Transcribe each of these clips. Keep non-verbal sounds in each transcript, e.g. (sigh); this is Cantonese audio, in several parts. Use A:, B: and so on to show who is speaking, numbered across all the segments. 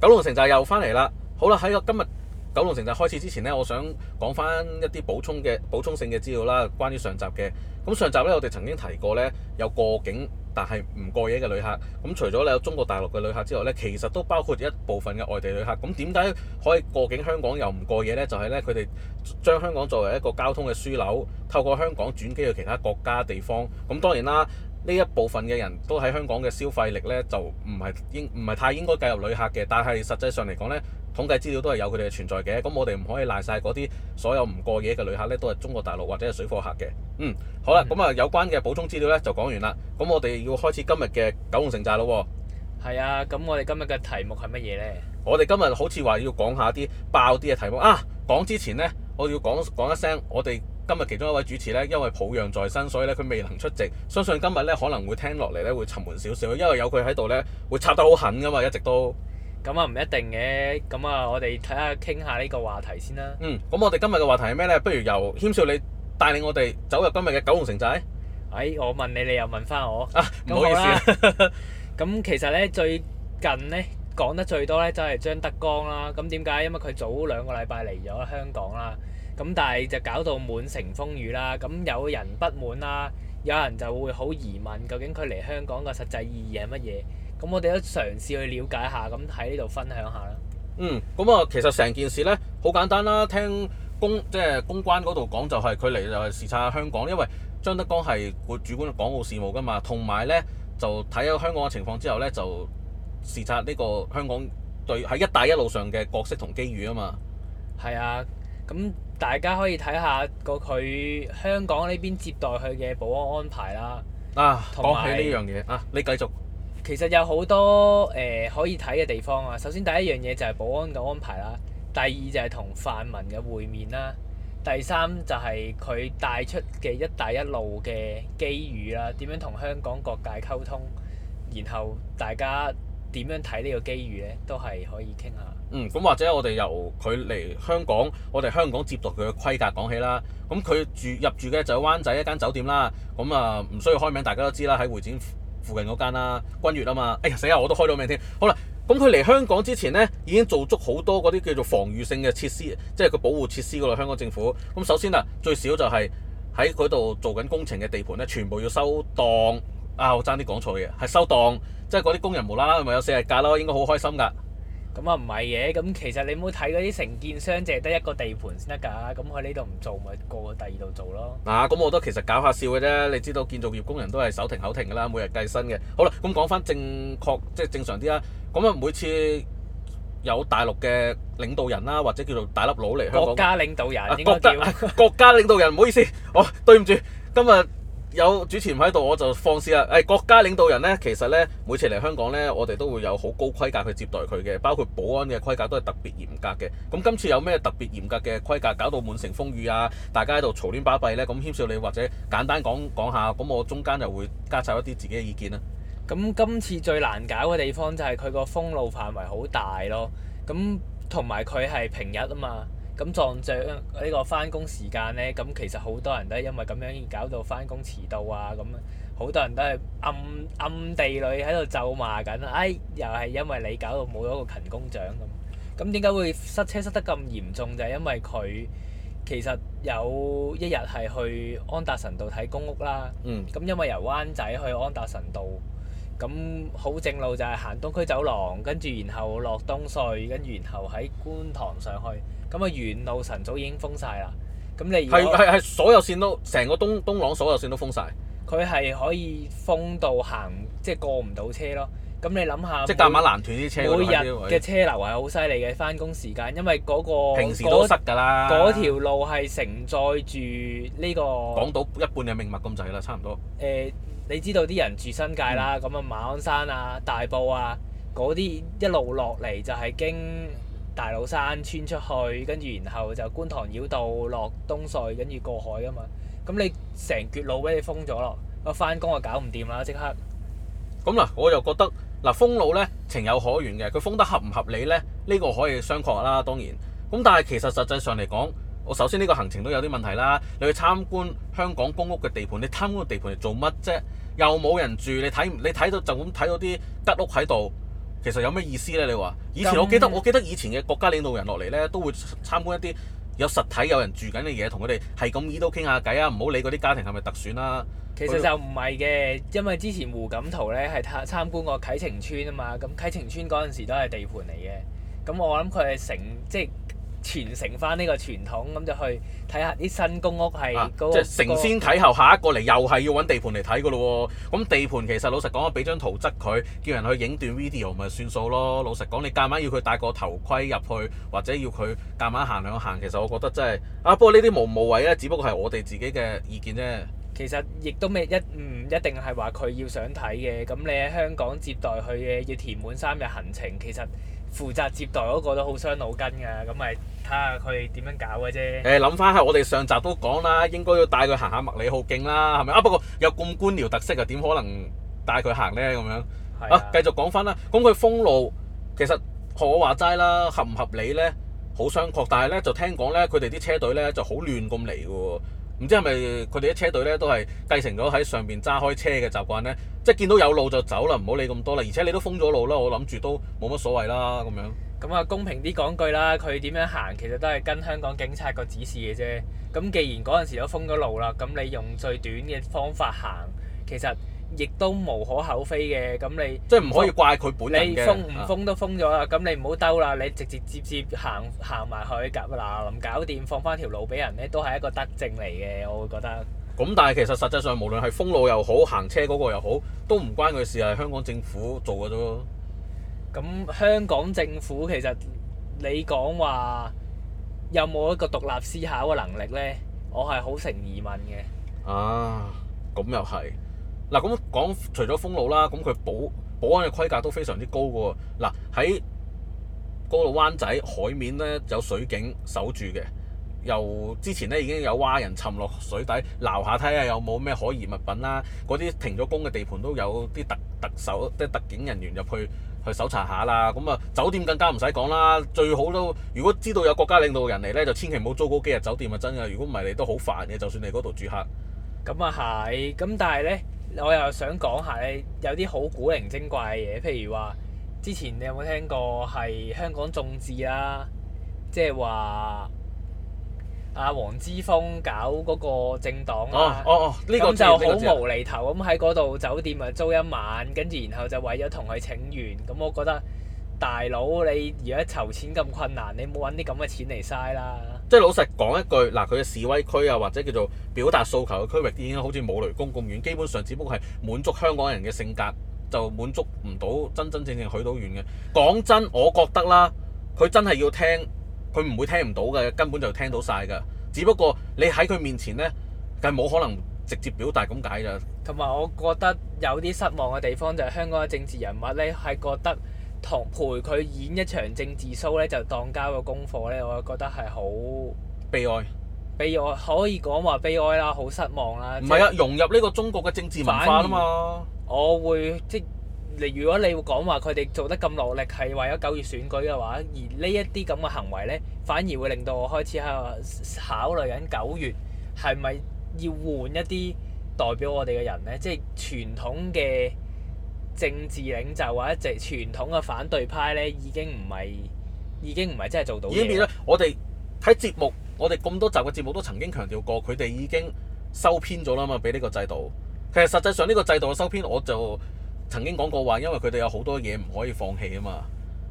A: 九龍城寨又翻嚟啦，好啦，喺今日九龍城寨開始之前呢，我想講翻一啲補充嘅補充性嘅資料啦，關於上集嘅。咁上集呢，我哋曾經提過呢，有過境但係唔過夜嘅旅客，咁除咗你有中國大陸嘅旅客之外呢，其實都包括一部分嘅外地旅客。咁點解可以過境香港又唔過夜呢？就係呢，佢哋將香港作為一個交通嘅樞紐，透過香港轉機去其他國家地方。咁當然啦。呢一部分嘅人都喺香港嘅消費力呢，就唔係應唔係太應該計入旅客嘅。但係實際上嚟講呢，統計資料都係有佢哋嘅存在嘅。咁我哋唔可以賴晒嗰啲所有唔過夜嘅旅客呢，都係中國大陸或者係水貨客嘅。嗯，好啦，咁啊、嗯、有關嘅補充資料呢，就講完啦。咁我哋要開始今日嘅九龍城寨咯喎。
B: 係啊，咁、啊、我哋今日嘅題目係乜嘢呢？
A: 我哋今日好似話要講下啲爆啲嘅題目啊！講之前呢，我要講講一聲，我哋。今日其中一位主持咧，因為抱恙在身，所以咧佢未能出席。相信今日咧可能會聽落嚟咧會沉悶少少，因為有佢喺度咧會插得好狠噶嘛，一直都。
B: 咁啊唔一定嘅，咁啊我哋睇下傾下呢個話題先啦。嗯，
A: 咁我哋今日嘅話題係咩咧？不如由謙少你帶領我哋走入今日嘅九龍城寨。誒、哎，我問你，你又問翻我。啊，唔好意思。咁 (laughs) 其實咧最近
B: 咧講得最多咧就係張德江啦。咁點解？因為佢早兩個禮拜嚟咗香港啦。咁但係就搞到滿城風雨啦，咁有人不滿啦，有人就會好疑問究竟佢嚟香港嘅實際意義係乜嘢？咁我哋都嘗試去了解下，咁喺呢度分享下啦、嗯。
A: 嗯，咁啊，其實成件事呢好簡單啦，聽公即係公關嗰度講就係佢嚟就係視察香港，因為張德江係個主管港澳事務噶嘛，同埋呢，就睇下香港嘅情況之後呢，就視察呢個香港對喺一帶一路上嘅角色同機遇啊嘛。係啊，咁、
B: 嗯。大家可以睇下個佢香港呢邊接待佢嘅保安安排啦。
A: 啊，講有起呢樣嘢啊，你繼續。
B: 其實有好多誒、呃、可以睇嘅地方啊！首先第一樣嘢就係保安嘅安排啦，第二就係同泛民嘅會面啦，第三就係佢帶出嘅一帶一路嘅機遇啦，點樣同香港各界溝通，然後大家點樣睇呢個
A: 機遇呢？都係可以傾下。嗯，咁或者我哋由佢嚟香港，我哋香港接待佢嘅規格講起啦。咁佢住入住嘅就係灣仔一間酒店啦。咁啊，唔需要開名，大家都知啦，喺會展附近嗰間啦，君悦啊嘛。哎呀，死啊，我都開到名添。好啦，咁佢嚟香港之前呢，已經做足好多嗰啲叫做防禦性嘅設施，即係佢保護設施嗰度。香港政府咁首先啊，最少就係喺嗰度做緊工程嘅地盤呢，全部要收檔。啊，我爭啲講錯嘢，係收檔，即係嗰啲工人無啦啦，咪有四日假咯，應該好開心㗎。咁
B: 啊唔係嘅，咁其實你冇睇嗰啲承建商，淨係得一個地盤先得㗎，咁佢呢度唔做，咪過第二度做咯。
A: 嗱、啊，咁我都其實搞下笑嘅啫，你知道建造業工人都係手停口停㗎啦，每日計薪嘅。好啦，咁講翻正確，即係正常啲啦。咁啊，每次有大陸嘅領導人啦，或者叫做大粒佬嚟香港，國家領導人應該叫啊，國家、啊、國家領導人，唔 (laughs) 好意思，哦，對唔住，今日。有主持唔喺度，我就放肆啦！誒、哎，國家領導人呢，其實呢，每次嚟香港呢，我哋都會有好高規格去接待佢嘅，包括保安嘅規格都係特別嚴格嘅。咁今次有咩特別嚴格嘅規格，搞到滿城風雨啊？大家喺度嘈亂巴閉呢？咁謙笑你或者簡單講講下，咁我中間就會加插一啲自己嘅意見啦、啊。咁今次最難搞嘅地方就係佢個封
B: 路範圍好大咯，咁同埋佢係平日啊嘛。咁撞着呢個返工時間呢，咁其實好多人都係因為咁樣搞到返工遲到啊！咁好多人都係暗暗地裏喺度咒罵緊，哎，又係因為你搞到冇咗個勤工獎咁。咁點解會塞車塞得咁嚴重？就係因為佢其實有一日係去安達臣道睇公屋啦。嗯。咁因為由灣仔去安達臣道。咁好正路就係行東區走廊，跟住然後落東隧，跟住然後喺觀塘上去。咁啊，沿路晨早已經封晒啦。咁你而係係所
A: 有線都成個東東廊所有線都封
B: 晒。佢係可以封到行，即係過唔到車咯。咁你諗下？即係夾硬攔斷啲車流。每日嘅車流係好犀利嘅，翻工時間，因為嗰、嗰個，平時都塞㗎喇。嗰條路係承載住呢個港島一半嘅命脈咁滯啦，差唔多。誒、呃。你知道啲人住新界啦，咁啊馬鞍山啊、大埔啊嗰啲一路落嚟就係經大老山穿出去，跟住然後就觀塘繞道落東隧，跟住過海噶嘛。咁你成條路俾你封咗咯，個
A: 翻工啊搞唔掂啦，即刻。咁嗱，我就覺得嗱，封路呢，情有可原嘅，佢封得合唔合理呢？呢、呢個可以商榷啦，當然。咁但係其實實際上嚟講，我首先呢個行程都有啲問題啦。你去參觀香港公屋嘅地盤，你參觀個地盤嚟做乜啫？又冇人住，你睇你睇到就咁睇到啲吉屋喺度，其實有咩意思呢？你話以前我記得我記得以前嘅國家領導人落嚟呢，都會參觀一啲有實體有人住緊嘅嘢，同佢哋係咁依度傾下偈啊！唔好理嗰啲家庭係咪特選啦。其實就唔
B: 係嘅，因為之前胡錦濤呢係參參觀過啟晴邨啊嘛。咁啟晴邨嗰陣時都係地盤嚟嘅。咁我諗佢係成即傳承翻呢個傳統，咁就去睇下啲新公屋係嗰、那個啊、即係承先睇後，下
A: 一個嚟又係要揾地盤嚟睇噶咯喎。咁地盤其實老實講，俾張圖則佢，叫人去影段 video 咪算數咯。老實講，你夾硬要佢戴個頭盔入去，或者要佢夾硬行兩行，其實我覺得真係啊。不過呢啲無無謂啊，只不過係我哋自己嘅意見啫。其實亦都未一唔
B: 一定係話佢要想睇嘅。咁你喺香港接待佢嘅，要填滿三日行程，其實。負責接待嗰個都好傷腦筋㗎，咁咪睇下佢點樣搞嘅啫。誒
A: 諗翻下我哋上集都講啦，應該要帶佢行下麥理浩徑啦，係咪啊？不過有咁官僚特色啊，點可能帶佢行咧咁樣啊，啊？繼續講翻啦，咁佢封路，其實學我話齋啦，合唔合理咧，好商榷。但係咧就聽講咧，佢哋啲車隊咧就好亂咁嚟嘅喎。唔知係咪佢哋啲車隊咧都係繼承咗喺上邊揸開車嘅習慣呢？即係見到有路就走啦，唔好理咁多啦。而且你都封咗路啦，我諗住都冇乜所謂啦咁樣。咁啊，公平啲講句啦，佢點樣行其實都係跟香港警察個
B: 指示嘅啫。咁既然嗰陣時都封咗路啦，咁你用最短嘅方法行，其實，亦都無可厚非嘅，咁你即係唔可以怪佢，本身你封唔封都封咗啦，咁、啊、你唔好兜啦，你直接接接行行埋去夾啦，臨搞掂放翻條路俾人咧，都係一個德政嚟嘅，我會覺得。
A: 咁但係其實實際上，無論係封路又好，行車嗰個又好，都唔關佢事，係香港政府做嘅啫。咁
B: 香港政府其實你講話有冇一個獨立思考嘅能力咧？
A: 我係好成疑問嘅。啊，咁又係。嗱，咁講除咗封路啦，咁佢保保安嘅規格都非常之高嘅喎。嗱，喺嗰度灣仔海面咧有水警守住嘅，又之前咧已經有蛙人沉落水底撈下睇下有冇咩可疑物品啦。嗰啲停咗工嘅地盤都有啲特特首，即係特警人員入去去搜查下啦。咁、嗯、啊，酒店更加唔使講啦，最好都如果知道有國家領導人嚟咧，就千祈冇租嗰幾日酒店啊！真嘅，如果唔係你都好煩嘅，就算你嗰度住客。
B: 咁啊係，咁但係咧。我又想講下咧，有啲好古靈精怪嘅嘢，譬如話，之前你有冇聽過係香港眾志啦、啊，即係話阿黃之鋒搞嗰個政黨啦、啊。哦哦呢個就好無厘頭咁喺嗰度酒店啊租一晚，跟住然後就為咗同佢請願，咁我覺得大佬你而家籌錢咁困難，你冇揾啲咁嘅錢嚟嘥啦。
A: 即係老實講一句，嗱佢嘅示威區啊，或者叫做表達訴求嘅區域，已經好似冇雷公咁遠。基本上，只不過係滿足香港人嘅性格，就滿足唔到真真正正許到遠嘅。講真，我覺得啦，佢真係要聽，佢唔會聽唔到嘅，根本就聽到晒㗎。只不過你喺佢面前呢，係冇可能直接表達咁解咋。同埋
B: 我覺得有啲失望嘅地方就係香港嘅政治人物呢，係覺得。同陪佢演一場政治 show 咧，就當交個功課咧，我覺得係好悲哀。悲哀可以講話悲哀啦，好失望啦。唔係啊，融入
A: 呢個中國嘅政治文化啊嘛。
B: 我會即係如果你會講話佢哋做得咁落力，係為咗九月選舉嘅話，而呢一啲咁嘅行為咧，反而會令到我開始喺度考慮緊九月係咪要換一啲代表我哋嘅人咧？即係傳統嘅。政治領袖或者傳統嘅反對派
A: 咧，已經唔係已經唔係真係做到嘢。我哋睇節目，我哋咁多集嘅節目都曾經強調過，佢哋已經收編咗啦嘛，俾呢個制度。其實實際上呢個制度嘅收編，我就曾經講過話，因為佢哋有好多嘢唔可以放棄啊嘛，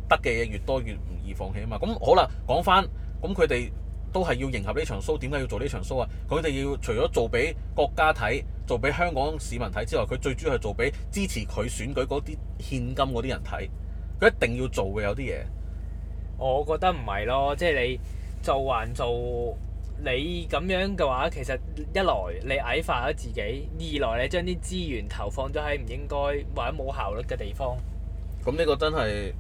A: 得嘅嘢越多越唔易放棄啊嘛。咁好啦，講翻咁佢哋都係要迎合呢場 show，點解要做呢場 show 啊？佢哋要除咗做俾國家睇。做俾香港市民睇之外，佢最主要係做俾支持佢選舉嗰啲現金嗰啲人睇。佢一定要做嘅有啲嘢。
B: 我覺得唔係咯，即係你做還做，你咁樣嘅話，其實一來你矮化咗自己，二來你將啲資
A: 源投放咗喺唔應該或者冇效率嘅地方。咁呢個真係，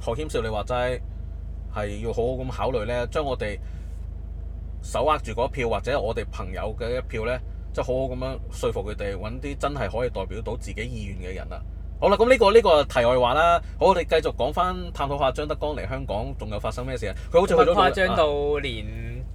A: 何謙少你話齋係要好好咁考慮呢。將我哋手握住嗰票，或者我哋朋友嘅一票呢。即係好好咁樣説服佢哋揾啲真係可以代表到自己意願嘅人啦。好啦，咁呢個呢個題外話啦。好，我哋繼續講翻，探討下張德江嚟香港仲有發生咩事啊？佢好似去到誇張到連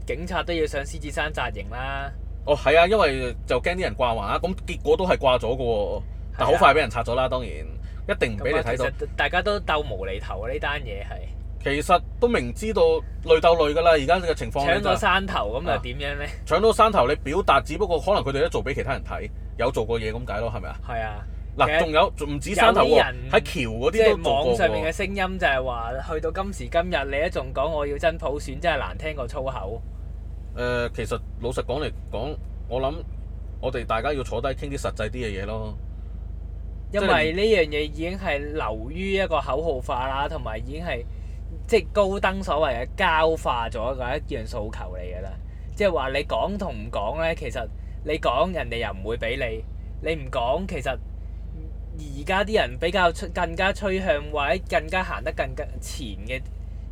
A: 警察都要上獅子山紮營啦。哦，係啊，因為就驚啲人掛橫啊。咁結果都係掛咗嘅喎，但好快俾人拆咗啦。當然一定唔俾麼你睇到。
B: 大家都鬥無厘頭啊！呢單嘢係。
A: 其實都明知道累鬥累㗎啦，而家嘅情況搶咗山頭咁又點樣呢，啊？搶到山頭，你表達只不過可能佢哋都做俾其他人睇，有做過嘢咁解咯，係咪啊？係啊，嗱，仲有唔止山頭人喺橋嗰啲都網上面嘅
B: 聲音就係話，去到今時今日，你一仲講我要真普選，真係難聽過粗口。
A: 誒、呃，其實老實講嚟講，我諗我哋大家要坐低傾啲實際啲嘅嘢咯。因為呢樣嘢已經係流於一個口號化啦，同埋
B: 已經係。即係高登所謂嘅膠化咗一個一樣訴求嚟嘅啦，即係話你講同唔講呢？其實你講人哋又唔會俾你，你唔講其實而家啲人比較出更加趨向或者更加行得更加前嘅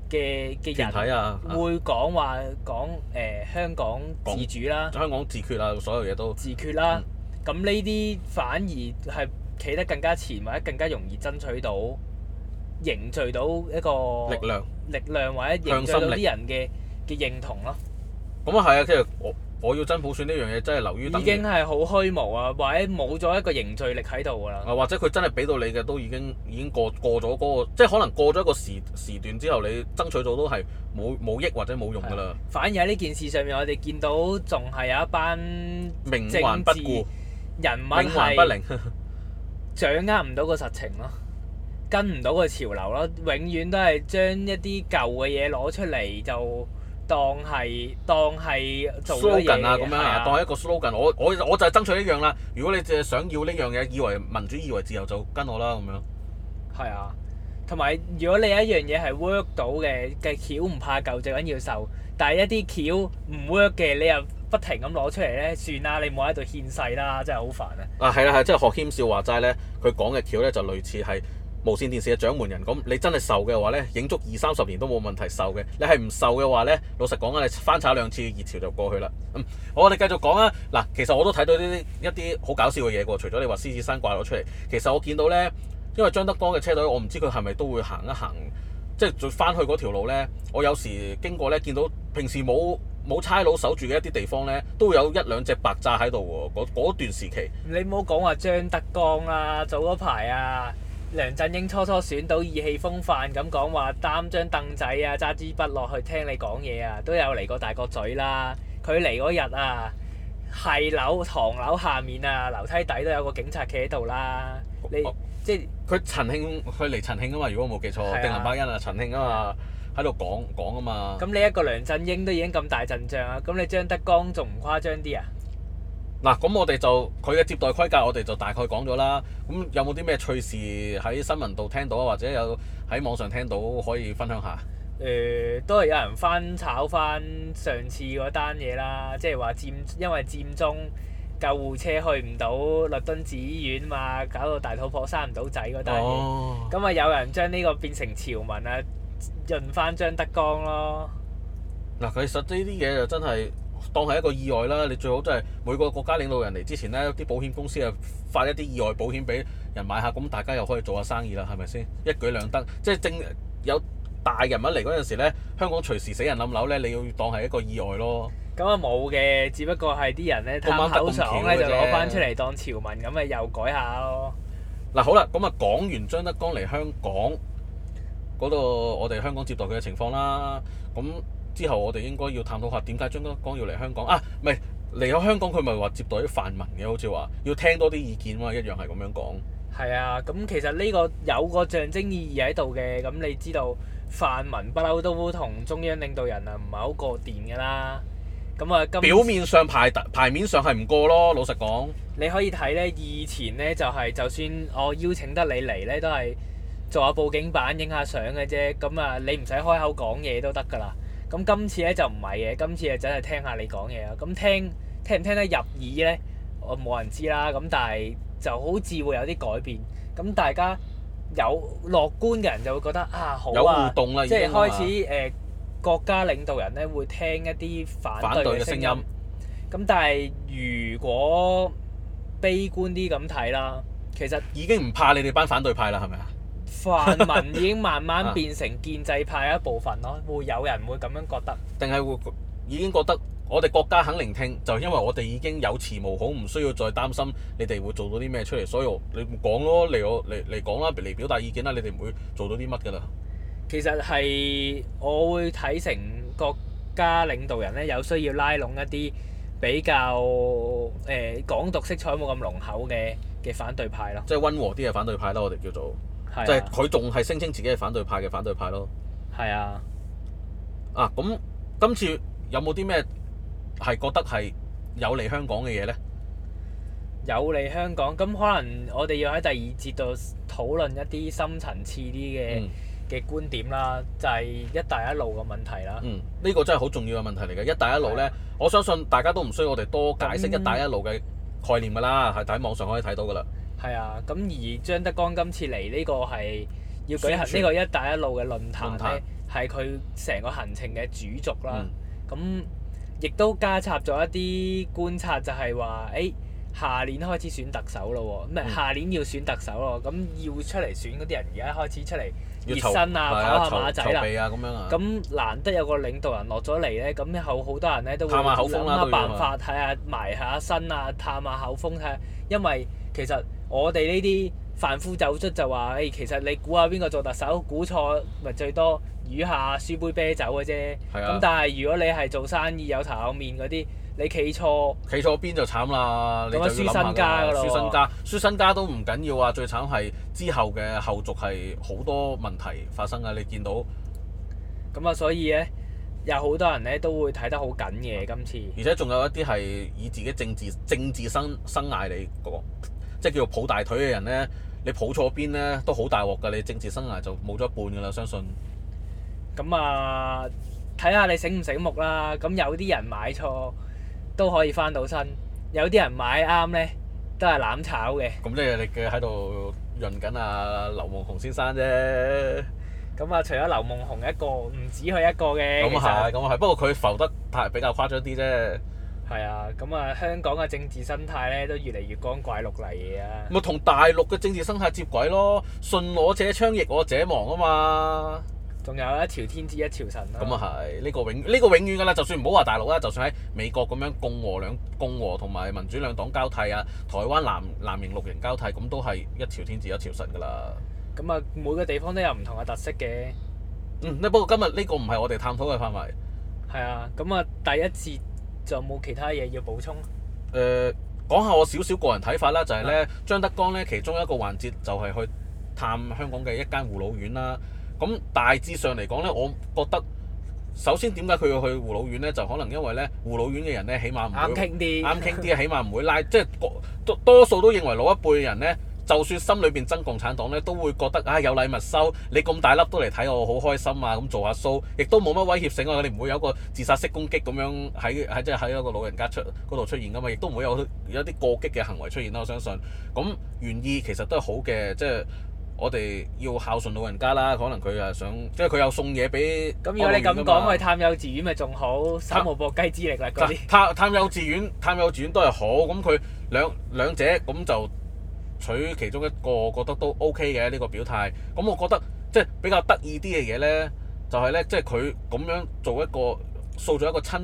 B: 嘅嘅人會講話講誒、呃、香港自主啦，香港自決啦，所有嘢都自決啦。咁呢啲反而係企得更加前或者更加容易爭取到。凝聚到一個力量，力量或者凝聚到啲人嘅嘅認同咯。
A: 咁啊係啊，其實我我要真普選呢樣嘢，真係流於已經係好虛無啊，或者冇咗一個凝聚力喺度噶啦。啊，或者佢真係俾到你嘅都已經已經過過咗嗰個，即係可能過咗一個時時段之後，你爭取到都係冇冇益或者冇用噶啦。反而喺呢件事上面，我
B: 哋見到仲係有一班名不顧人物還不靈掌握唔到個實情咯。 (laughs) 跟唔到個潮流咯，永遠都係將一啲舊嘅嘢攞出嚟，就當係當係
A: 做多嘢嘅，slogan 啊，咁樣當係一個 slogan。我我我就係爭取呢樣啦。如果你淨係想要呢樣嘢，以為民主以為自由就跟我啦，咁樣。係啊，同埋如果你有
B: 一樣嘢係 work 到嘅嘅橋唔怕舊，最緊要受。但係一啲橋唔 work 嘅，你又不停咁攞出嚟咧，算啦，你唔好喺度獻世啦，真係好煩啊。啊係啦係，
A: 即係學謙少話齋咧，佢講嘅橋咧就類似係。無線電視嘅掌門人，咁你真係受嘅話呢？影足二三十年都冇問題受嘅。你係唔受嘅話呢？老實講啊，你翻炒兩次熱潮就過去啦。嗯，我哋繼續講啊。嗱，其實我都睇到呢啲一啲好搞笑嘅嘢喎。除咗你話獅子山掛咗出嚟，其實我見到呢，因為張德江嘅車隊，我唔知佢係咪都會行一行，即係翻去嗰條路呢，我有時經過呢，見到平時冇冇差佬守住嘅一啲地方呢，都有一兩隻白炸喺度喎。嗰段時期，
B: 你唔好講話張德江啊，早嗰排啊。梁振英初初選到意氣風範咁講話擔張凳仔啊，揸支筆落去聽你講嘢啊，都有嚟過大角咀啦。佢嚟嗰日啊，係樓唐樓下面啊，樓梯底都有個警察企喺度啦。啊、你
A: 即係佢陳慶，佢嚟陳慶啊嘛，如果我冇記錯，啊、定係伯恩啊，陳慶啊嘛，喺度講講啊嘛。咁你一個梁振英都已經咁大陣仗啊，咁你張德江仲唔誇張啲啊？嗱，咁我哋就佢嘅接待規格，我哋就大概講咗啦。咁有冇啲咩趣事喺新聞度聽到，或者有喺網上聽到可以分享下？
B: 誒、呃，都係有人翻炒翻上次嗰單嘢啦，即係話佔，因為佔中救護車去唔到律敦治醫院嘛，搞到大肚婆生唔到仔嗰單嘢。咁啊、哦，有人將呢個變成潮文
A: 啊，潤翻張德江咯。嗱、呃，其實呢啲嘢就真係～當係一個意外啦，你最好都係每個國家領導人嚟之前呢，啲保險公司啊發一啲意外保險俾人買下，咁大家又可以做下生意啦，係咪先？一舉兩得，即係正有大人物嚟嗰陣時呢，香港隨時死人冧樓呢，你要當係一個意外咯。咁啊
B: 冇嘅，只不過係啲人呢，
A: 貪口爽就攞翻出嚟當潮民，咁啊，又改下咯。嗱、嗯、好啦，咁、嗯、啊講完張德江嚟香港嗰度，那個、我哋香港接待佢嘅情況啦，咁。之後，我哋應該要探討下點解張德江要嚟香港啊？唔係嚟咗香港，佢咪話接待啲泛民嘅，好似話要聽多啲意見喎，一樣係咁樣講。係啊，咁其實呢個有個象徵意義喺度嘅。咁你知
B: 道泛民不嬲都同中央領導人啊，唔係好過電㗎啦。咁啊，表面上
A: 排排面上係唔過咯，老實講。你可以睇呢。以前
B: 呢、就係，就係就算我邀請得你嚟呢，都係做下佈景板、影下相嘅啫。咁啊，你唔使開口講嘢都得㗎啦。咁今次咧就唔係嘅，今次就真係聽下你講嘢啦。咁聽聽唔聽得入耳咧，我冇人知啦。咁但係就好似會有啲改變。咁大家有樂觀嘅人就會覺得啊，好啊，有互動喇，好啊，即係開始誒國家領導人咧會聽一啲反對嘅聲音。咁但係如果悲觀啲咁睇啦，其實已經唔
A: 怕你哋班反對派啦，係咪啊？
B: 泛民已經慢慢變成
A: 建制派一部分咯，啊、會有人會咁樣覺得？定係會已經覺得我哋國家肯聆聽，就係、因為我哋已經有恃無恐，唔需要再擔心你哋會做到啲咩出嚟，所以我你講咯嚟，我嚟嚟講啦嚟表達意見啦，你哋唔會做到啲乜噶啦。其實係我會睇成國家領導人咧有需要拉
B: 攏一啲比較誒、呃、港獨色彩冇咁濃厚嘅嘅反
A: 對派咯，即係溫和啲嘅反對派啦，我哋叫做。即係佢仲係聲稱自己係反對派嘅反對派咯。係啊。啊，咁今次有冇啲咩係覺得係有利香港嘅嘢呢？有利香港咁，可能
B: 我哋要喺第二節度討論一啲深層次啲嘅嘅觀點
A: 啦。嗯、就係一帶一路嘅問題啦。嗯，呢、呢個真係好重要嘅問題嚟嘅。一帶一路呢，啊、我相信大家都唔需要我哋多解釋一帶一路嘅概念㗎啦。係睇、嗯嗯、網上可以睇到㗎啦。係啊，咁而張德江今次嚟呢個係要舉行呢個是一帶一路嘅論
B: 壇咧，係佢成個行程嘅主軸啦。咁亦都加插咗一啲觀察就，就係話誒，下年開始選特首咯，唔係下年要選特首咯，咁、嗯、要出嚟選嗰啲人，而家開始出嚟熱身吵啊，跑下馬仔啦。咁啊。樣」咁難得有個領導人落咗嚟咧，咁後好多人咧都會想乜辦法睇下埋下身啊，探下口風睇下，因為其實。我哋呢啲凡夫走卒就話，誒，其實你估下邊個做特首？估錯咪最多，賄下輸杯啤酒嘅啫。咁、啊、但係如果你係做生意有頭有面嗰
A: 啲，你企錯企錯邊就慘啦，你就輸身家噶啦，輸身家，輸身家都唔緊要啊！最慘係之後嘅後續係好多問題發生啊！你見到咁啊，所以咧有好多人咧都會睇得好緊嘅、嗯、今次。而且仲有一啲係以自己政治政治生生涯嚟講，即係叫抱大腿嘅人咧，你抱錯邊咧都好大鑊㗎，你政治生涯就冇咗一半㗎啦，相信。
B: 咁啊，睇下你醒唔醒目啦。咁有啲人買錯都可以翻到身，有啲人買啱咧都係攬炒嘅。咁即
A: 係你嘅喺度潤緊啊，劉夢熊先生啫。咁啊，除咗劉夢熊一個，唔止佢一個嘅。咁啊係，咁啊係。不過佢浮得太比較誇張啲啫。
B: 係啊，咁啊香港嘅政治生態咧都越嚟越光怪陸離啊！咪同
A: 大陸嘅政治生態接軌咯，順我者昌，逆我者亡啊嘛！仲有一朝天子一朝臣，啊。咁、嗯、啊係，呢、呢個永呢、呢個永遠噶啦，就算唔好話大陸啦，就算喺美國咁樣共和兩共和同埋民主兩黨交替啊，台灣藍，藍營綠營交替，咁都係一朝天子一朝臣噶啦。咁啊，每個地方都有唔同嘅特色嘅。嗯，不過今日呢個唔係我哋探討嘅範圍。係啊，咁、嗯、啊第一節。
B: 就冇其他嘢要補充。誒、
A: 呃，講下我少少個人睇法啦，就係、是、咧、嗯、張德江咧，其中一個環節就係去探香港嘅一間護老院啦。咁大致上嚟講咧，我覺得首先點解佢要去護老院咧，就可能因為咧護老院嘅人咧起碼唔啱傾啲，啱傾啲，起碼唔會，會拉，即、就、係、是、多多，多數都認為老一輩嘅人咧。就算心裏邊憎共產黨咧，都會覺得啊、哎、有禮物收，你咁大粒都嚟睇我，好開心啊！咁做下 show，亦都冇乜威脅性啊！你唔會有個自殺式攻擊咁樣喺喺即係喺一個老人家出嗰度出現噶嘛？亦都唔會有有啲過激嘅行為出現啦、啊！我相信咁願意其實都係好嘅，即係我哋要孝順老人家啦。可能佢啊想，即係佢有送嘢俾咁。如果你咁講，去探
B: 幼稚園咪仲好，手無縛雞之
A: 力啦探探，探，探幼稚園，探幼稚園都係好。咁佢兩兩,兩者咁就。取其中一個我覺得都 OK 嘅呢個表態。咁我覺得即係比較得意啲嘅嘢呢，就係、是、呢，即係佢咁樣做一個塑造一個親，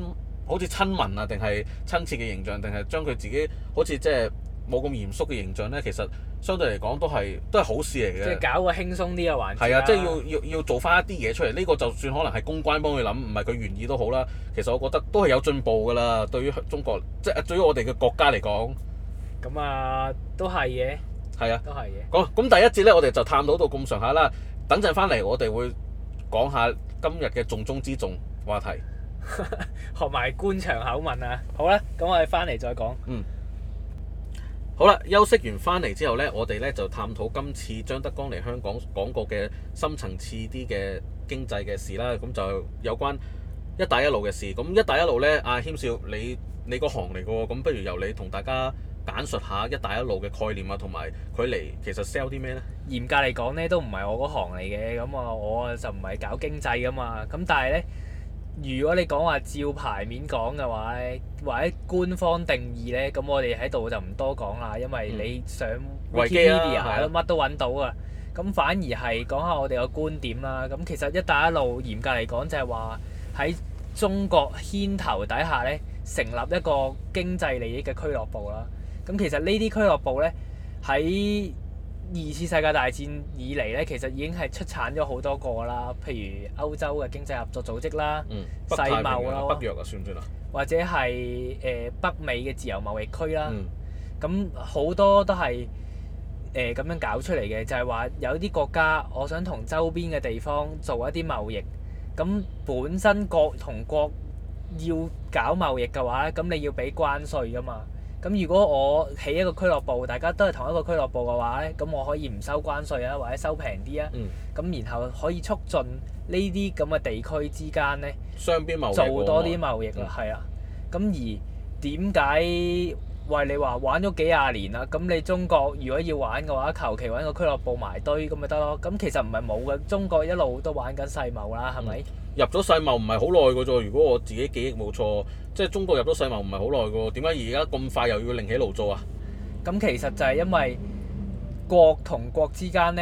A: 好似親民啊，定係親切嘅形象，定係將佢自己好似即係冇咁嚴肅嘅形象呢？其實相對嚟講都係都係好事嚟嘅、啊啊。即係搞個輕鬆啲嘅環境。係啊，即係要要做翻一啲嘢出嚟。呢個就算可能係公關幫佢諗，唔係佢願意都好啦。其實我覺得都係有進步㗎啦。對於中國，即係對於我哋嘅國家嚟講。
B: 咁啊，都係嘅，係啊，都係嘅。咁
A: 咁，第一節咧，我哋就探討到咁上下啦。等陣翻嚟，我哋會講下今日嘅重中之重話題， (laughs) 學埋官場口吻啊！好啦，咁我哋翻嚟再講。嗯，好啦，休息完翻嚟之後咧，我哋咧就探討今次張德江嚟香港講過嘅深層次啲嘅經濟嘅事啦。咁就有關一帶一路嘅事。咁一帶一路咧，阿、啊、軒少，你你個行嚟嘅喎，咁不如由你同大家。簡述一下「一帶一路」嘅概念啊，同埋佢嚟其實 sell 啲咩咧？嚴格嚟講咧，都唔係我嗰行嚟嘅。咁啊，我啊就唔係
B: 搞經濟噶嘛。咁但係咧，如果你講話照牌面講嘅話，或者官方定義咧，咁我哋喺度就唔多講啦，因為你想維基 pedia 乜都揾到啊。咁反而係講下我哋嘅觀點啦。咁其實「一帶一路」嚴格嚟講，就係話喺中國牽頭底下咧，成立一個經濟利益嘅俱樂部啦。咁其實樂呢啲俱樂部咧，喺二次世界大戰以嚟咧，其實已經係出產咗好多個啦。譬如歐洲嘅經濟合作組織啦，
A: 世貿啦，北約算唔算啊，
B: 或者係誒、呃、北美嘅自由貿易區啦。咁好、嗯、多都係誒咁樣搞出嚟嘅，就係、是、話有啲國家，我想同周邊嘅地方做一啲貿易。咁本身國同國要搞貿易嘅話，咁你要俾關稅噶嘛？咁如果我起一個俱樂部，大家都係同一個俱樂部嘅話咧，咁我可以唔收關稅啊，或者收平啲啊，咁、嗯、然後可以促進呢啲咁嘅地區之間咧，雙邊貿易做多啲貿易啦。係啊、嗯，咁而點解？喂你，你話玩咗幾廿年啦，咁你中國如果要玩嘅話，求其搵個俱樂部埋堆咁咪得咯。咁其實唔係冇嘅，中國一路都玩緊世貿啦，係咪？嗯
A: 入咗世貿唔係好耐嘅啫，如果我自己記憶冇錯，即係中國入咗世貿唔係好耐嘅喎，點解而家咁快又要另起爐灶啊？咁其實就係因為
B: 國同國之間呢，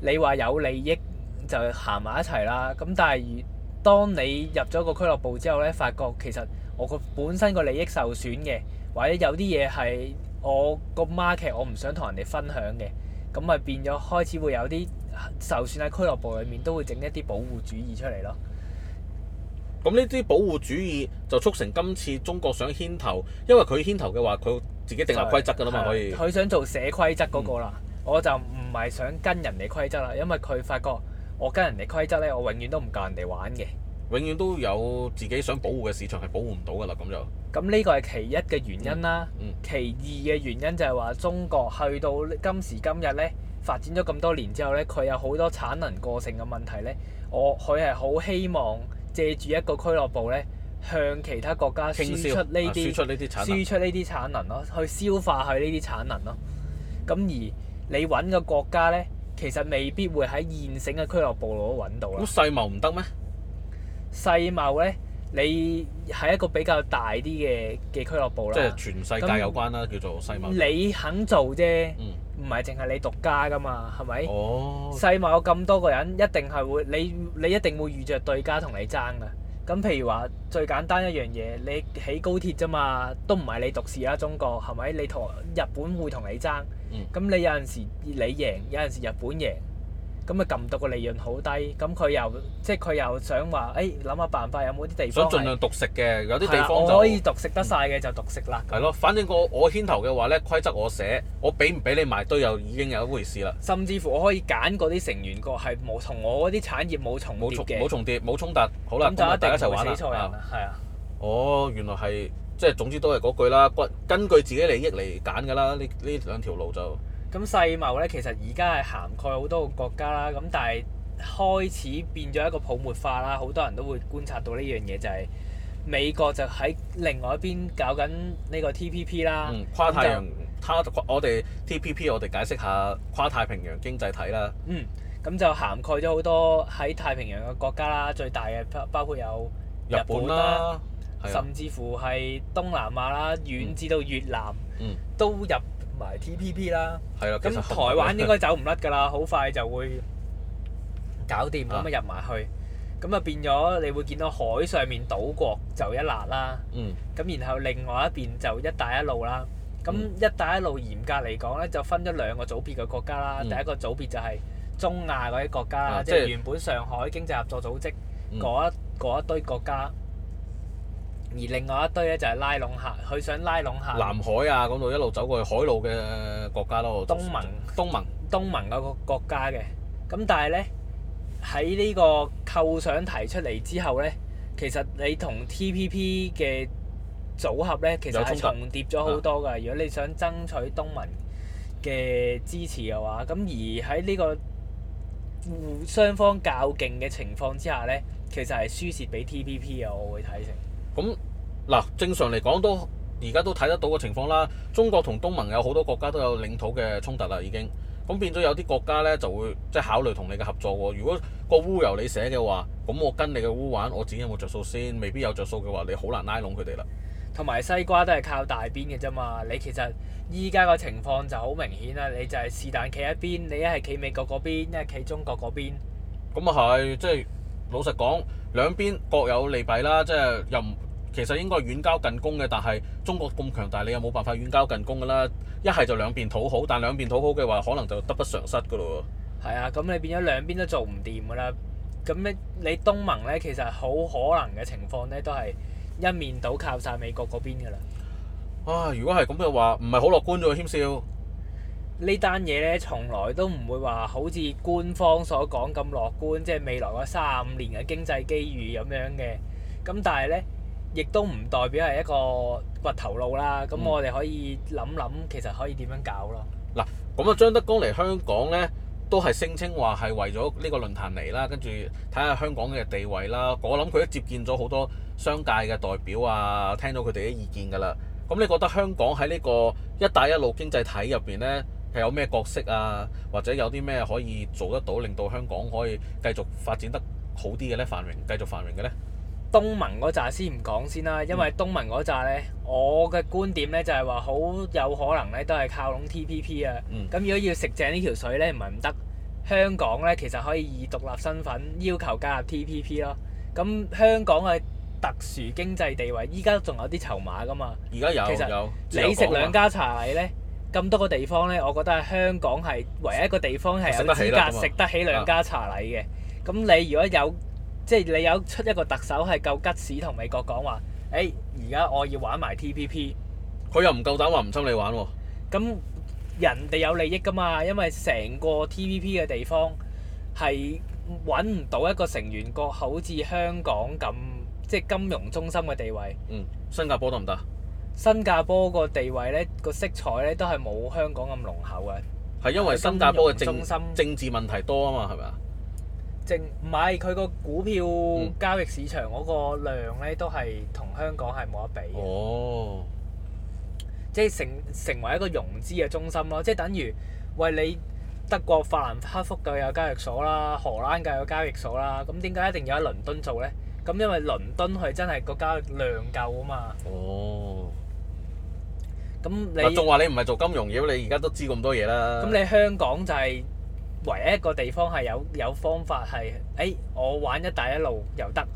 B: 你話有利益就行埋一齊啦。咁但係當你入咗個俱樂部之後呢，發覺其實我個本身個利益受損嘅，或者有啲嘢係我個 market 我唔想同人哋分享嘅，咁咪變咗開始會有啲受損喺俱樂部裏面，都會整一啲保護主義出嚟咯。
A: 咁呢啲保護主義就促成今次中國想牽頭，因為佢牽頭嘅話，佢自己訂立規則㗎喇嘛，可以。佢
B: 想做寫規則嗰個啦，嗯、我就唔係想跟人哋規則啦，因為佢發覺我跟人哋規則咧，我永遠都唔夠人哋玩嘅。
A: 永遠都有自己想保護嘅市場係保護唔到㗎喇，咁就。
B: 咁呢個係其一嘅原因啦。嗯嗯其二嘅原因就係話中國去到今時今日咧，發展咗咁多年之後咧，佢有好多產能過剩嘅問題咧，我佢係好希望。借住一個俱樂部咧，向其他國家輸出呢啲輸出產出呢啲產能咯，去消化佢呢啲產能咯。咁而你揾個國家咧，其實未必會喺現成嘅俱樂部度揾到啦。咁世貿唔得咩？世貿咧，你係一個比較大啲嘅嘅俱樂部啦。即係全世界有
A: 關啦，那叫做世貿。你
B: 肯做啫。嗯唔係淨係你獨家㗎嘛，係咪？世上、oh. 有咁多個人，一定係會你你一定會遇着對家同你爭㗎。咁譬如話最簡單一樣嘢，你起高鐵咋嘛，都唔係你獨市啦、啊，中國係咪？你同日本會同你爭。咁、mm. 你有陣時你贏，有陣時日本贏。咁咪撳到個利潤好低，咁佢又即係佢又想話，誒諗下辦法，有冇啲地方想盡量
A: 獨食嘅？有啲地方可以
B: 獨食得晒嘅、嗯、就獨食啦。
A: 係咯，反正我我牽頭嘅話咧，規則我寫，我俾唔俾你賣都有已經有一回事啦。甚
B: 至乎我可以揀嗰啲成員國係冇同我嗰啲產業
A: 冇重冇重冇重疊冇衝突，好啦，咁就大家一齊玩啦。係啊的。的哦，原來係即係總之都係嗰句啦，根根據自己利益嚟揀㗎啦，呢呢兩條路就。咁
B: 世貿咧，其實而家係涵蓋好多個國家啦。咁但係開始變咗一個泡沫化啦，好多人都會觀察到呢樣嘢，就係、是、美國就喺另外一邊搞緊呢個 TPP 啦、嗯。跨太平
A: 洋就，我哋 TPP 我哋解釋下跨太平洋經濟體啦。
B: 嗯，咁就涵蓋咗好多喺太平洋嘅國家啦，最大嘅包包括有日本啦、
A: 啊，本啊、甚
B: 至乎係東南亞啦、啊，嗯、遠至到越南都入。嗯嗯埋 TPP 啦，
A: 咁、嗯、台灣應該走
B: 唔甩㗎啦，好、嗯、快就會搞掂咁啊入埋去，咁啊變咗你會見到海上面島國就一粒啦，咁、嗯、然後另外一邊就一帶一路啦，咁、嗯、一帶一路嚴格嚟講咧就分咗兩個組別嘅國家啦，嗯、第一個組別就係中亞嗰啲國家，即係、嗯、原本上海經濟合作組織嗰嗰一堆國家。而另外一堆咧就係拉攏客，佢想拉攏客。南海啊，
A: 嗰度一路走過去海路嘅國家咯盟。東盟
B: 東盟東盟嗰個國家嘅，咁，但係咧喺呢個構想提出嚟之後咧，其實你同 TPP 嘅組合咧，其實係重疊咗好多㗎。如果你想爭取東盟嘅支持嘅話，咁而喺呢個互雙方較勁嘅情況
A: 之下咧，其實係輸蝕俾 TPP 啊，我會睇成。咁嗱，正常嚟講都而家都睇得到個情況啦。中國同東盟有好多國家都有領土嘅衝突啦，已經咁變咗有啲國家呢，就會即係考慮同你嘅合作喎。如果個烏由你寫嘅話，咁我跟你嘅烏玩，我自己有冇著數先？未必有着數嘅話，你好難拉攏佢哋啦。同
B: 埋西瓜都係靠大邊嘅啫嘛。你其實依家個情況就好明顯啦，你就係是但企一邊，你一係企美國嗰邊，一係企中國嗰邊。
A: 咁啊係，即係老實講，兩邊各有利弊啦，即係又唔～其實應該遠交近攻嘅，但係中國咁強大，你又冇辦法遠交近攻㗎啦。一係就兩邊討好，但兩邊討好嘅話，可能就得不償失㗎咯喎。係啊，咁你變咗兩邊都做唔掂㗎啦。咁咧，
B: 你東盟咧，其實好可能嘅情況咧，都係一面倒靠晒美國嗰邊㗎啦。
A: 啊！如果係咁嘅話，唔係好樂觀啫，謙少呢
B: 單嘢咧，啊、從來都唔會話好似官方所講咁樂觀，即、就、係、是、未來嗰三五年嘅經濟機遇咁樣嘅。咁但係咧？亦都唔代表係一個掘頭路啦，咁我哋可以諗諗，其實可以點樣搞咯。
A: 嗱、嗯，咁啊張德江嚟香港呢，都係聲稱話係為咗呢個論壇嚟啦，跟住睇下香港嘅地位啦。我諗佢都接見咗好多商界嘅代表啊，聽到佢哋嘅意見㗎啦。咁、嗯、你覺得香港喺呢個一帶一路經濟體入邊呢，係有咩角色啊，或者有啲咩可以做得到，令到香港可以繼續發展得好啲嘅呢？繁榮繼續繁榮嘅呢？東盟嗰紮先唔講先啦，因為東盟嗰紮咧，
B: 我嘅觀點呢，就係話好有可能呢都係靠攏 TPP 啊。咁、嗯、如果要食正呢條水呢，唔係唔得。香港呢，其實可以以獨立身份要求加入 TPP 咯。咁香港嘅特殊經濟地位，依家仲有啲籌碼㗎嘛。而家有。其實有有你食兩家茶禮呢，咁有多個地方呢，我覺得香港係唯一一個地方係有資格食得起兩家茶禮嘅。咁你如果有？即係你有出一個特首係夠吉士同美國講話，誒，而家我要玩埋 TPP，佢又唔夠膽話唔侵你玩喎、哦。咁人哋有利益㗎嘛？因為成個 TPP 嘅地方係揾唔到一個成員國好似香港咁，即係金融中心嘅地位。嗯，新加坡得唔得？新加坡個地位咧，個色彩咧都係冇香港咁濃厚嘅。係因為新加坡嘅
A: 心政治問題多啊嘛，係咪啊？
B: 淨唔係佢個股票交易市場嗰個量咧，都係同香港係冇得比嘅。哦！即係成成為一個融資嘅中心咯，即係等於喂，你德國、法蘭克福嘅有交易所啦，荷蘭嘅有交易所啦。咁點解一定要喺倫敦做咧？咁因為倫敦佢真係個交易量夠啊嘛。
A: 哦！
B: 咁你仲話你唔係做金融業？你而
A: 家都知咁多嘢啦。咁你
B: 香港就係？唯一一個地方係有有方法係，誒、欸、我玩一帶一路又得，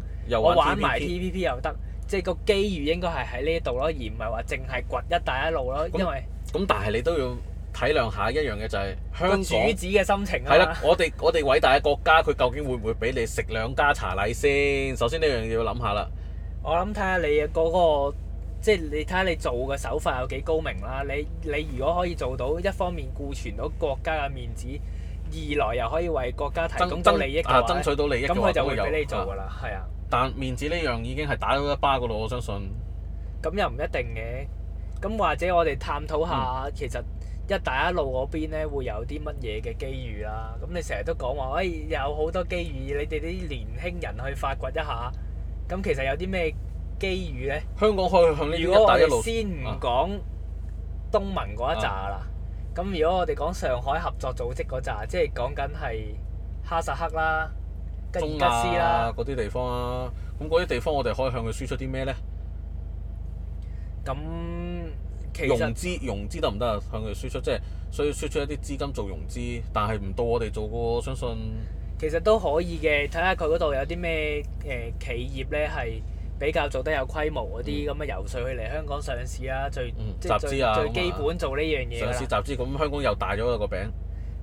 B: 我玩埋 TPP 又得，即係個機遇應該係喺呢度咯，而唔係話淨係掘一帶一路咯，因為
A: 咁，但係你都要體諒下一樣嘢就係、是、香港主
B: 子嘅心情啦。係啦，
A: 我哋我哋偉大嘅國家，佢究竟會唔會俾你食兩家茶禮先？首先呢樣嘢要諗下啦。
B: 我諗睇下你嘅、嗰個，即係你睇下你做嘅手法有幾高明啦。你你如果可以做到一方面顧全到國家嘅面子。二來又可以為國家提供利益，啊，爭取到利益，咁佢就會俾你做㗎啦，係啊。
A: 的但面子呢樣已經係打到一巴嗰度，我相信。
B: 咁又唔一定嘅。咁或者我哋探討下，嗯、其實一帶一路嗰邊咧會有啲乜嘢嘅機遇啦、啊？咁你成日都講話，哎，有好多機遇，你哋啲年輕人去發掘一下。咁其實有啲咩機遇咧？
A: 香港可以向呢一帶一路。如果我哋先唔
B: 講東盟嗰一紮啦。啊咁如果我哋講上海合作組織嗰扎，即係講緊係哈薩克啦、吉爾吉斯啦
A: 嗰啲地方啦，咁嗰啲地方我哋可以向佢輸出啲咩呢？咁其融，融資融資得唔得啊？向佢輸出，即係需要輸出一啲資金做融資，但係唔到我哋做過，我相信
B: 其實都可以嘅，睇下佢嗰度有啲咩誒企業呢？係。比較做得有規模嗰啲咁嘅遊說去嚟香港上市、嗯、啊，最集資最基本做
A: 呢樣嘢上市集資，咁香港又大咗啦、嗰個餅。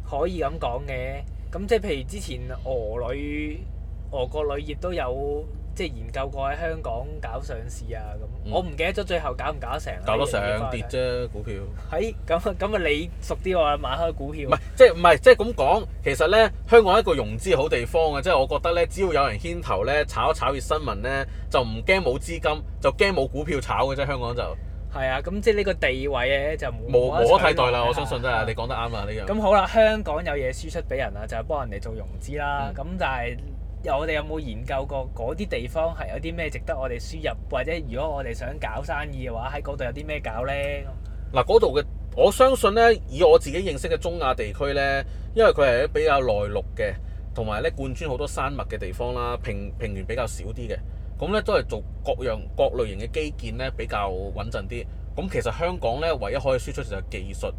B: 可以咁講嘅，咁即係譬如之前俄女俄國女亦都有。即係研究過喺香港搞上市啊，咁，我唔記得咗最後搞唔搞、啊、搞得成。搞得成，跌
A: 啫股票。
B: 係咁咁啊，你熟啲喎買開股票。唔係
A: 即係唔係即係咁講，其實咧香港一個融資好地方啊。即係我覺得咧，只要有人牽頭咧，炒一炒熱新聞咧，就唔驚冇資金，就驚冇股票炒嘅啫。香港就
B: 係啊，咁即係呢個地位咧就冇冇替代啦。啊、我相信真係、啊、你
A: 講得啱啊呢樣。咁
B: 好啦，香港有嘢輸出俾人啊，就係幫人哋做融資啦。咁就係。但我哋有冇研究過嗰啲地方係有啲咩值得我哋輸入，或者如果我哋想搞生意嘅話，喺
A: 嗰度有啲咩搞呢？嗱，嗰度嘅我相信呢，以我自己認識嘅中亞地區呢，因為佢係比較內陸嘅，同埋呢貫穿好多山脈嘅地方啦，平平原比較少啲嘅，咁呢都係做各樣各類型嘅基建呢，比較穩陣啲。咁其實香港呢，唯一可以輸出就係技術。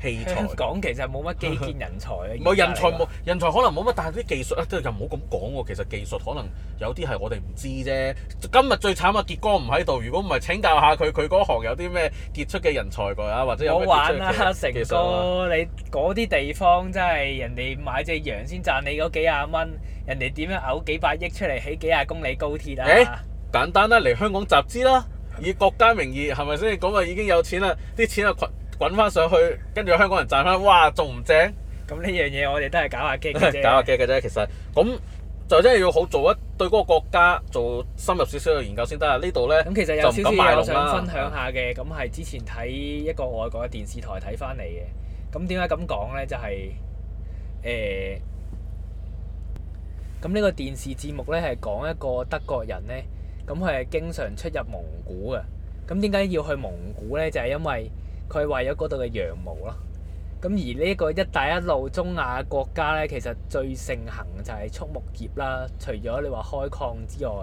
A: 器材香港其實冇乜基建人才啊！唔係人才冇，人才可能冇乜，但係啲技術咧都又唔好咁講喎。其實技術可能有啲係我哋唔知啫。今日最慘嘅傑哥唔喺度，如果唔係請教下佢，佢嗰行有啲咩傑出嘅人才㗎啊？或者有冇玩哥啊？成哥，
B: 你嗰啲地方真係人哋買隻羊先賺你嗰幾廿蚊，人哋點樣嘔幾百億出
A: 嚟起幾廿公里高鐵啊？誒、欸，簡單啦，嚟香港集資啦，以國家名義係咪先？咁啊已經有錢啦，啲錢啊滾翻上去，跟住香港人賺翻，哇！仲唔正？咁呢樣嘢我哋都係搞下機嘅啫，搞下機嘅啫。其實咁就真係要好做一對嗰個國家做深入少少嘅研究先得啊！呢度咧就唔敢賣弄啦。咁其實有少少我想分享下
B: 嘅，咁係之前睇一個外國嘅電視台睇翻嚟嘅。咁點解咁講咧？就係誒咁呢個電視節目咧，係講一個德國人咧，咁佢係經常出入蒙古嘅。咁點解要去蒙古咧？就係因為佢為咗嗰度嘅羊毛咯，咁而呢個一帶一路中亞嘅國家咧，其實最盛行就係畜牧業啦。除咗你話開礦之外，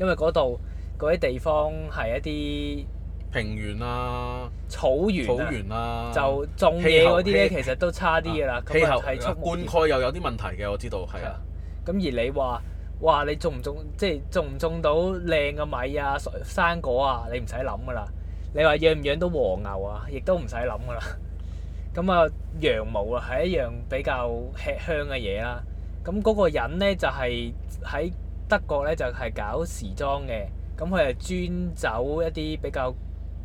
B: 因為嗰度嗰啲地方係一啲、啊、平原啊、草原、啊、草原啦、啊，就種嘢嗰啲咧，其實都差啲噶啦。氣候灌溉又有啲問題嘅，我知道係啊。咁、嗯、而你話，嘩你種唔種，即係種唔種到靚嘅米啊、生果啊，你唔使諗噶啦。你話養唔養到和牛啊？亦都唔使諗噶啦。咁啊，羊毛啊係一樣比較吃香嘅嘢啦。咁嗰個人咧就係喺德國咧就係搞時裝嘅。咁佢係專走一啲比較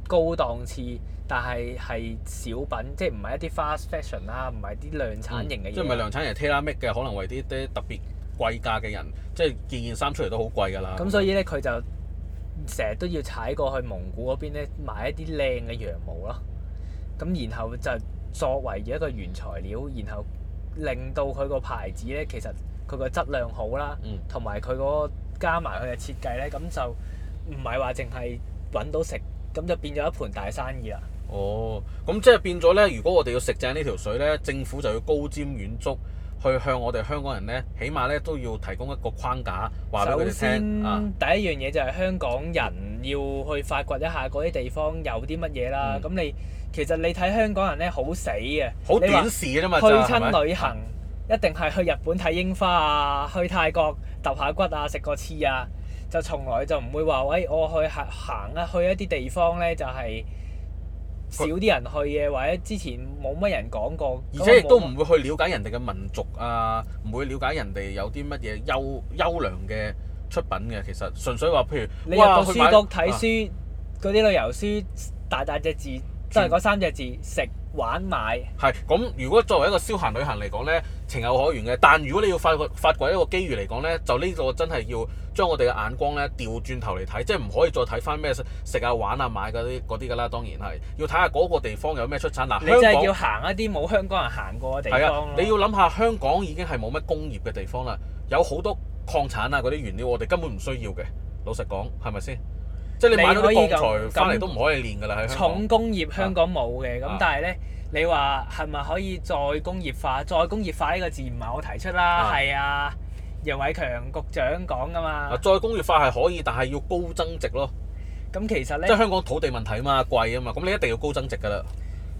B: 高檔次，但係係小品，即係唔係一啲 fast fashion 啦，唔係啲量
A: 產型嘅。即係唔係量產型 tailor-made 嘅，可能為啲啲特別貴價嘅人，即係件件衫出嚟都好貴噶啦。咁所
B: 以咧，佢就，成日都要踩過去蒙古嗰邊咧，買一啲靚嘅羊毛咯。咁然後就作為一個原材料，然後令到佢個牌子咧，其實佢個質量好啦，同埋佢個加埋佢嘅設計咧，咁就唔係話淨係揾到食，咁就變咗一
A: 盤大生意啦。哦，咁即係變咗咧。如果我哋要食正呢條水咧，政府就要高瞻遠矚。去向我哋香港人咧，起碼咧都要提供一個框架，話俾佢哋聽啊！首先第一樣嘢就係香港人要去發掘一下嗰啲地方
B: 有啲乜嘢啦。咁、嗯、你其實你睇香港人咧好死嘅，好短視㗎嘛！說就去親旅行，是是一定係去日本睇櫻花啊，去泰國揼下骨啊，食個翅啊，就從來就唔會話喂我去行啊，去一啲地方咧就係、是。
A: 少啲人去嘅，或者之前冇乜人講過，而且亦都唔會去了解人哋嘅民族啊，唔、啊、會了解人哋有啲乜嘢優優良嘅出品嘅。其實純粹話譬如你話書局睇哇買書嗰啲，啊、旅遊書大大隻字即係嗰三隻字、嗯、食。玩買係咁，如果作為一個消閒旅行嚟講呢，情有可原嘅。但如果你要發掘發掘一個機遇嚟講呢，就呢個真係要將我哋嘅眼光呢調轉頭嚟睇，即係唔可以再睇返咩食啊、玩啊、買嗰啲嗰啲㗎啦。當然係要睇下嗰個地方有咩出產。嗱，香港要行
B: 一啲冇香港人行過嘅地方。啊，你要諗
A: 下，香港已經係冇乜工業嘅地方啦，有好多礦產啊嗰啲原料，我哋根本唔需要嘅。老實講，係咪先？即係你買到啲鋼材翻嚟都唔可以煉㗎啦！重工業
B: 香港冇嘅咁，啊、但係咧你話係咪可以再工業化？再工業化呢個字唔係我提出啦，係啊，楊、啊、偉強局長講㗎嘛。
A: 再工業化係可以，但係要高增值咯。咁、嗯、其實咧，即係香港土地問題啊嘛，貴啊嘛，咁你一定要高增值㗎啦。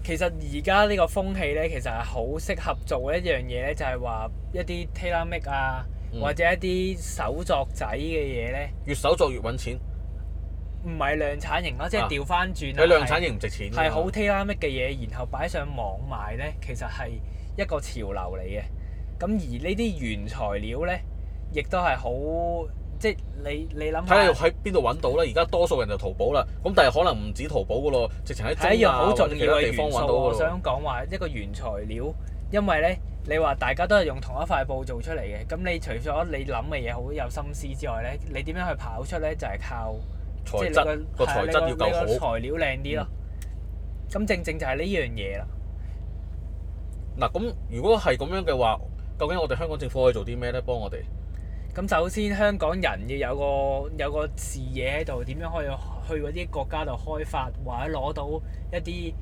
A: 其實而家呢個風氣咧，其實係好適合
B: 做一樣嘢咧，就係、是、話一啲 tailor make 啊，或者一啲手作仔
A: 嘅嘢咧。嗯、越手作越揾錢。
B: 唔係量產型咯，即係調
A: 翻轉。佢、啊、是量產型唔值錢。係好
B: TikTok 嘅嘢，然後擺上網賣咧，其實係一個潮流嚟嘅。咁而呢啲原材料咧，亦都係好，即係你你諗。睇下喺
A: 邊度揾到啦？而家多數人就淘寶啦。咁但係可能唔止淘寶噶咯，直情喺好啊幾嘅地方揾到。我想
B: 講話一個原材料，因為咧你話大家都係用同一塊布做出嚟嘅。咁你除咗你諗嘅嘢好有心思之外咧，你點樣去跑出咧？就係、是、靠。材質個材質要夠好，材料靚啲咯。
A: 咁、嗯、正正就係呢樣嘢啦。嗱，咁如果係咁樣嘅話，究竟我哋香港政府可以做啲咩咧？幫我哋。咁首先，香港人
B: 要有個有個視野喺度，點樣可以去嗰啲國家度開發，或者攞到一啲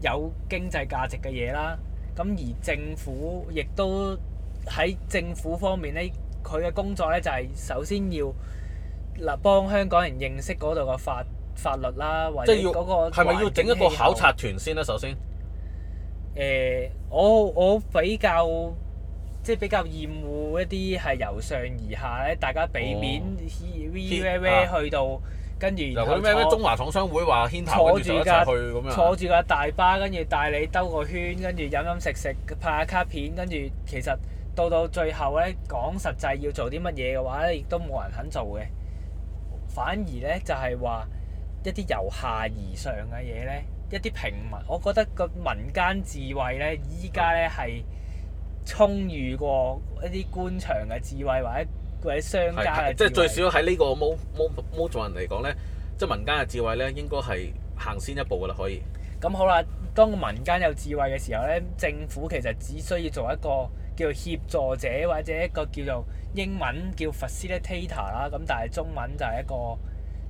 B: 有經濟價值嘅嘢啦。咁而政府亦都喺政府方面咧，佢嘅工作咧就係、是、首先要。嗱，幫香港人認識嗰度個法法律啦，或者嗰個係咪要整一個考察團先咧、啊？首先，誒、呃，我我比較即係比較厭惡一啲係由上而下咧，大家俾面，we、哦啊、去到跟住。由咩咩中華廠商會話牽頭住一齊去咁樣。坐住架大巴，跟住帶你兜個圈，跟住飲飲食食，拍下卡片，跟住其實到到最後咧，講實際要做啲乜嘢嘅話咧，亦都冇人肯做嘅。反而咧，就係話一啲由下而上嘅嘢咧，一啲平民，我覺得個民間智慧咧，依家咧係充裕過一啲官場嘅智慧，或者或者商家嘅智慧。即係最少喺呢
A: 個模模模組人嚟講咧，即係民間嘅智慧咧，應該係行先一步噶啦，可以。咁好啦，當民間有智慧嘅時候咧，政府其實只需要做
B: 一個。叫協助者或者一個叫做英文叫 facilitator 啦，咁但係中文就係一個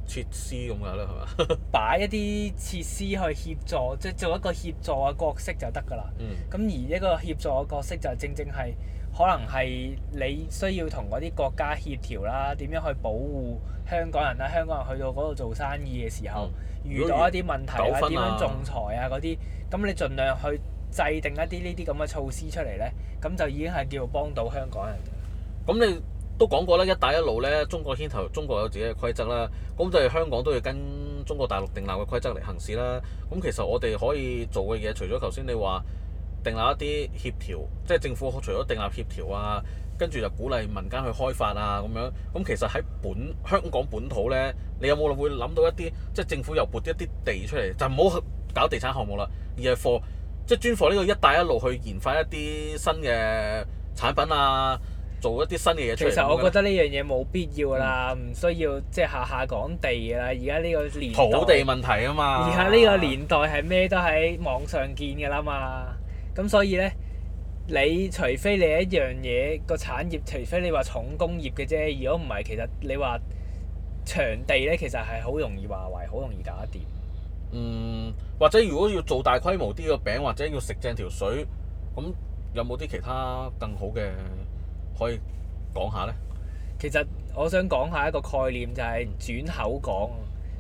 B: 設施咁樣啦，係嘛？擺 (laughs) 一啲設施去協助，即係做一個協助嘅角色就得㗎啦。咁、嗯、而一個協助嘅角色就是正正係可能係你需要同嗰啲國家協調啦，點樣去保護香港人啦？香港人去到嗰度做生意嘅時候，嗯、遇到一啲問題啦，點、啊、樣仲裁啊嗰啲，咁你盡量去。制定一啲呢啲咁嘅措施出嚟呢，
A: 咁就已經係叫做幫到香港人。咁你都講過啦，一帶一路呢，中國牽頭，中國有自己嘅規則啦。咁就係香港都要跟中國大陸定立嘅規則嚟行事啦。咁其實我哋可以做嘅嘢，除咗頭先你話訂立一啲協調，即係政府除咗訂立協調啊，跟住就鼓勵民間去開發啊，咁樣。咁其實喺本香港本土呢，你有冇會諗到一啲即係政府又撥一啲地出嚟，就唔好搞地產項目啦，而係貨。即係專貨呢個一帶一路去研發一啲新嘅產品啊，做一啲新嘅嘢出嚟。其實我覺得呢
B: 樣嘢冇必要啦，唔、嗯、需要即係下下講地啦。而家呢個年代土地問題啊嘛。而家呢個年代係咩都喺網上見㗎啦嘛，咁、嗯、所以咧，你除非你一樣嘢個產業，除非你話重工業嘅啫。如果唔係，其實你
A: 話場地咧，其實係好容易話壞，好容易搞得掂。嗯，或者如果要做大規模啲嘅餅，或者要食正條水，咁有冇啲其他更好嘅可以講下呢？其實我想講下
B: 一個概念就係、是、轉口港。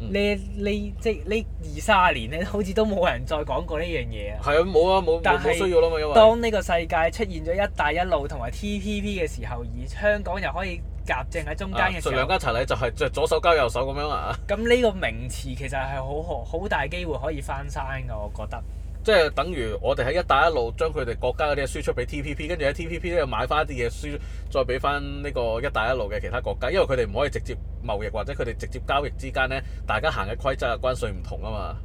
B: 呢呢、嗯、即係呢二三十年咧，好似都冇人再講過呢樣嘢啊。係啊，冇啊，冇冇需要啦、啊、嘛，因為當呢個世界出現咗一帶一路同埋 TPP 嘅時候，而香港又可以。夾正喺中間嘅時候，啊、兩
A: 家齊嚟就係就左手交右手咁樣啊！咁呢個名詞其實係好好好大機會可以翻生噶，我覺得。即係等於我哋喺一帶一路將佢哋國家嗰啲輸出俾 T P P，跟住喺 T P P 呢度買翻啲嘢輸出，再俾翻呢個一帶一路嘅其他國家，因為佢哋唔可以直接貿易，或者佢哋直接交易之間咧，大家行嘅規則啊、關稅唔同啊嘛。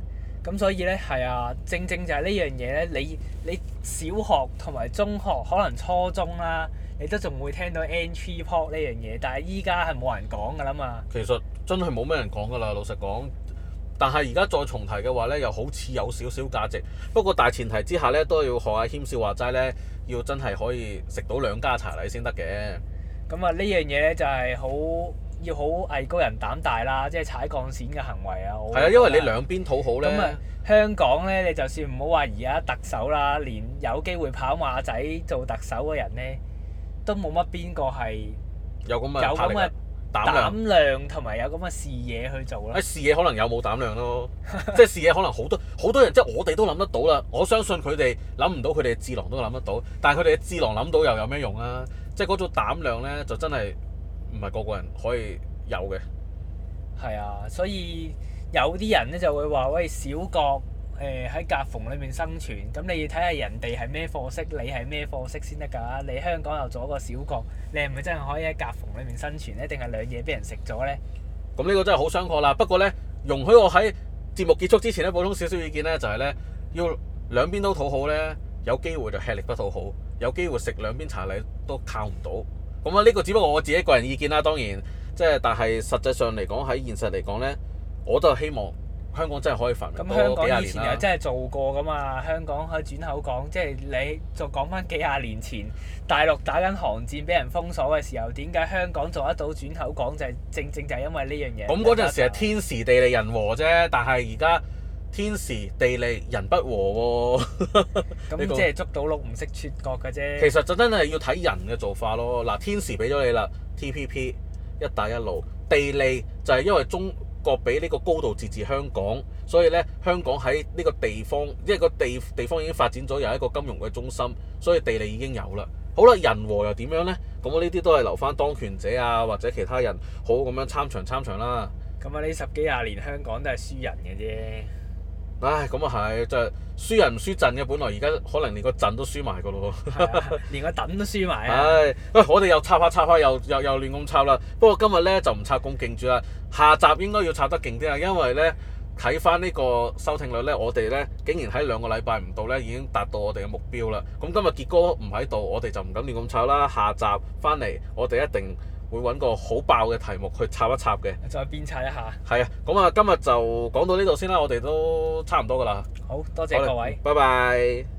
A: 咁
B: 所以咧，係啊，正正就係呢樣嘢咧。你你小學同埋中學可能初中啦。你都仲會聽到 n 3 p o p 呢樣嘢，但係依家係冇人講
A: 噶啦嘛。其實真係冇咩人講噶啦，老實講。但係而家再重提嘅話咧，又好似有少少價值。不過大前提之下咧，都要學阿謙少話齋咧，要真係可以食到兩家茶禮先得嘅。咁啊、嗯，呢樣嘢就係好要
B: 好藝高人膽大啦，即係踩鋼線嘅行為啊。係啊，因為你兩
A: 邊討好啊、嗯嗯，
B: 香港咧，你就算唔好話而家特首啦，連有機會跑馬仔做特首嘅人咧。都冇乜邊個係有咁嘅膽量同埋有咁嘅視野去做
A: 咯。啊，視野可能有冇膽量咯， (laughs) 即係視野可能好多好多人，即係我哋都諗得到啦。我相信佢哋諗唔到，佢哋嘅智囊都諗得到。但係佢哋嘅智囊諗到又有咩用啊？即係嗰種膽量咧，就真係唔係個個人可以有嘅。係啊，所以有啲人咧就會話喂，小國。
B: 誒喺夾縫裏面生存，咁你要睇下人哋係咩貨色，你係咩貨色先得㗎？你香港又做一個小國，你係咪真係可以喺夾縫裏面生存呢？定係兩嘢俾人食
A: 咗呢？咁呢個真係好傷確啦。不過呢，容許我喺節目結束之前呢，補充少少意見呢，就係呢：要兩邊都討好呢，有機會就吃力不討好，有機會食兩邊茶禮都靠唔到。咁啊，呢個只不過我自己個人意見啦。當然，即係但係實際上嚟講喺現實嚟講呢，我就希望。香港真係可以奮，咁香港以前又真
B: 係做過噶嘛？香港可以轉口港，即係你再講翻幾廿年前，大陸打緊韓戰，俾人封鎖嘅時候，點解香港做得到轉口港，就係，就係正正就係因為呢樣嘢。咁嗰陣時係
A: 天時地利人和啫，但係而家天時地利人不和喎，
B: 哦。咁 (laughs) 即係捉到鹿唔識出國嘅啫。 (laughs) 其實
A: 就真係要睇人嘅做法咯。嗱，天時俾咗你啦，T P P、一帶一路，地利就係因為中。個俾呢個高度自治香港，所以呢，香港喺呢個地方，因為個地地方已經發展咗，有一個金融嘅中心，所以地利已經有啦。好啦，人和又點樣呢？咁我呢啲都係留翻當權者啊，或者其他人好好咁樣參詳參詳啦。咁啊，呢十幾廿年香港都係輸人嘅啫。唉，咁啊係，就係輸人唔輸陣嘅。本來而家可能連個陣都輸埋噶咯， (laughs) 連個凳都輸埋唉，喂，我哋又插下插下，又又又亂咁插啦。不過今日咧就唔插咁勁住啦。下集應該要插得勁啲啦，因為咧睇翻呢看看個收聽率咧，我哋咧竟然喺兩個禮拜唔到咧，已經達到我哋嘅目標啦。咁今日杰哥唔喺度，我哋就唔敢亂咁插啦。下集翻嚟，我哋一定。會揾個好爆嘅題目去插一插嘅，
B: 再鞭策一下。
A: 係啊，咁啊，今日就講到呢度先啦，我哋都差唔多㗎啦。
B: 好多謝各位，
A: 拜拜。